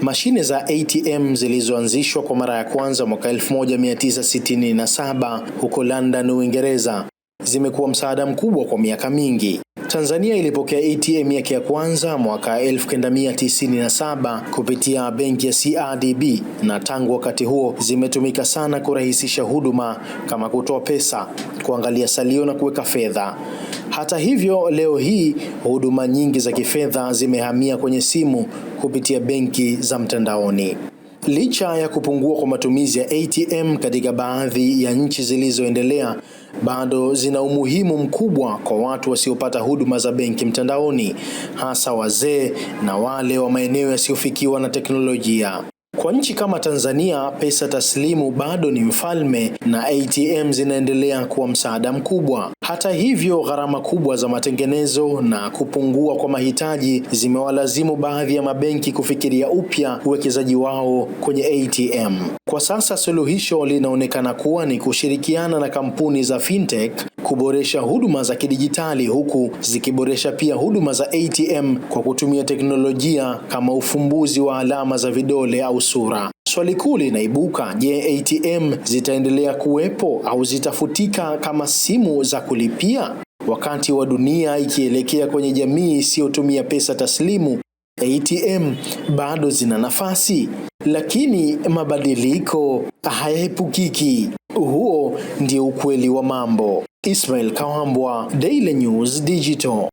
Mashine za ATM zilizoanzishwa kwa mara ya kwanza mwaka 1967 huko London, Uingereza zimekuwa msaada mkubwa kwa miaka mingi. Tanzania ilipokea ATM yake ya kwanza mwaka 1997 kupitia benki ya CRDB na tangu wakati huo zimetumika sana kurahisisha huduma kama kutoa pesa, kuangalia salio na kuweka fedha. Hata hivyo, leo hii huduma nyingi za kifedha zimehamia kwenye simu kupitia benki za mtandaoni. Licha ya kupungua kwa matumizi ya ATM katika baadhi ya nchi zilizoendelea, bado zina umuhimu mkubwa kwa watu wasiopata huduma za benki mtandaoni, hasa wazee na wale wa maeneo yasiyofikiwa na teknolojia. Kwa nchi kama Tanzania, pesa taslimu bado ni mfalme na ATM zinaendelea kuwa msaada mkubwa. Hata hivyo, gharama kubwa za matengenezo na kupungua kwa mahitaji zimewalazimu baadhi ya mabenki kufikiria upya uwekezaji wao kwenye ATM. Kwa sasa suluhisho linaonekana kuwa ni kushirikiana na kampuni za fintech kuboresha huduma za kidijitali huku zikiboresha pia huduma za ATM kwa kutumia teknolojia kama ufumbuzi wa alama za vidole au sura. Swali kuu linaibuka, je, ATM zitaendelea kuwepo au zitafutika kama simu za kulipia? Wakati wa dunia ikielekea kwenye jamii isiyotumia pesa taslimu, ATM bado zina nafasi, lakini mabadiliko hayaepukiki. Huo ndio ukweli wa mambo. Ismail Kawambwa, Daily News Digital.